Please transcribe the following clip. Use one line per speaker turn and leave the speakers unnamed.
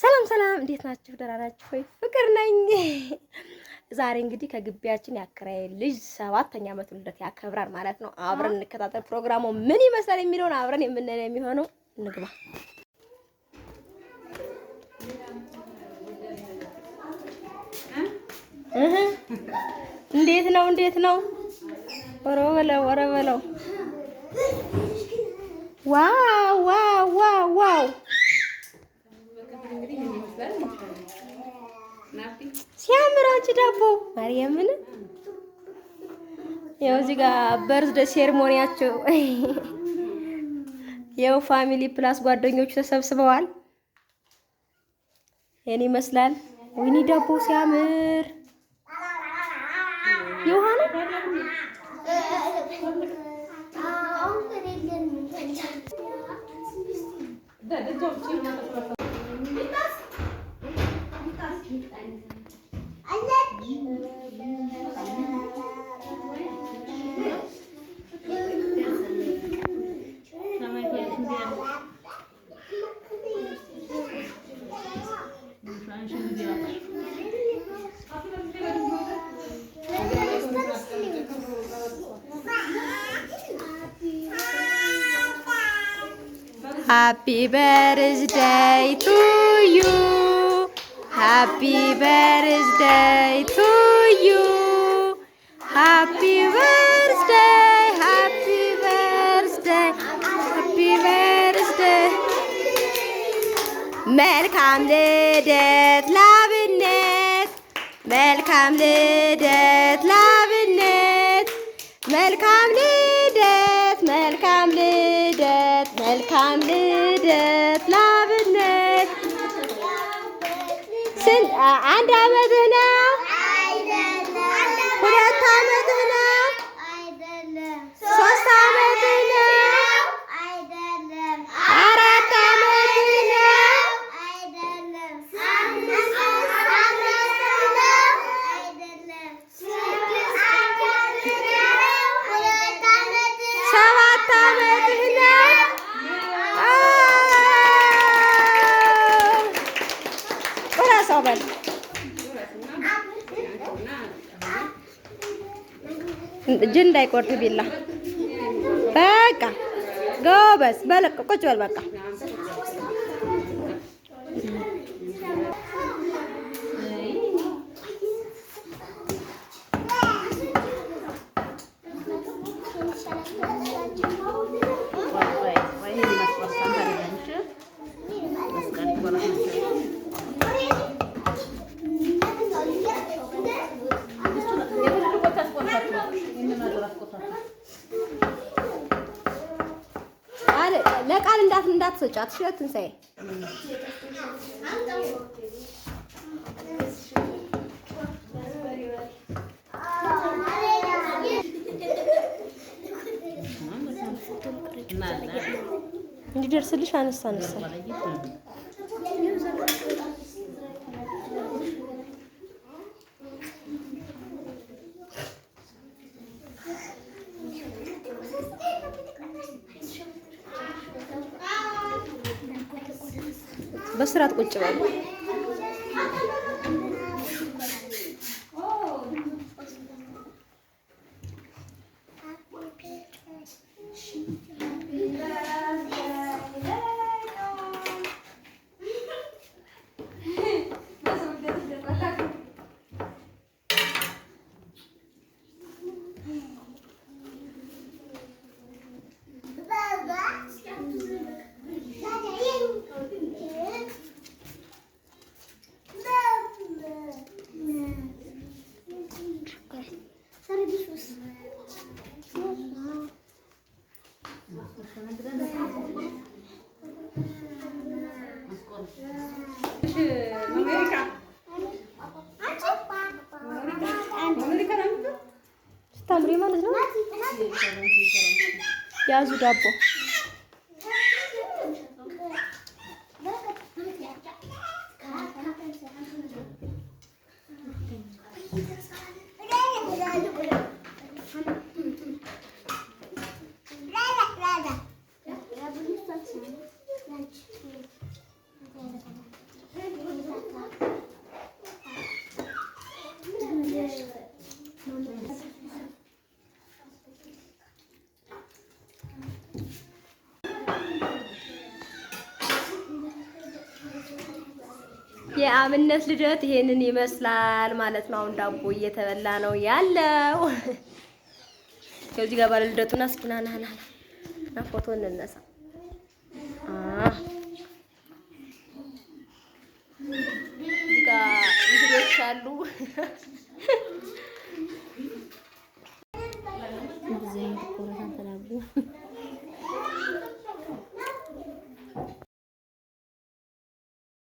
ሰላም ሰላም፣ እንዴት ናችሁ? ደህና ናችሁ ወይ? ፍቅር ነኝ። ዛሬ እንግዲህ ከግቢያችን ያከራይ ልጅ ሰባተኛ ዓመቱን ልደት ያከብራል ማለት ነው። አብረን እንከታተል። ፕሮግራሙ ምን ይመስላል የሚለውን አብረን የምንለው የሚሆነው እንግባ እንዴት ነው? እንዴት ነው? ወረ በለው ወረ በለው። ዋው ዋው ዋው ዋው ሲያምራችሁ ዳቦ ማርያምን ያው እዚህ ጋር በርዝደ ሴርሞኒያቸው ያው ፋሚሊ ፕላስ ጓደኞቹ ተሰብስበዋል። ይሄን ይመስላል። ወይኒ ዳቦ ሲያምር ዮሐና አሁን Happy birthday to you. Happy birthday to you. Happy birthday. Happy birthday. Happy birthday. Welcome መልካም ልደት ላብነት መልካም ልደት ላብነት መልካም ልደት መልካም ልደት ላብነት አንድ አመት እጅ እንዳይቆርጥ ቢላ። በቃ ጎበዝ በለቅ ቁጭ በል በቃ ለቃል እንዳት እንዳትሰጫት ሽት ትንሳኤ እንዲደርስልሽ አነሳ አነሳ በስርዓት ቁጭ በሉ። Ya Zürabbo. Thank you. የአብነት ልደት ይሄንን ይመስላል ማለት ነው። አሁን ዳቦ እየተበላ ነው ያለው። ከዚህ ጋር ባለ ልደቱና እስኪ ና ና ና ና ፎቶ እንነሳ። እዚህ ጋር እንግዶች አሉ።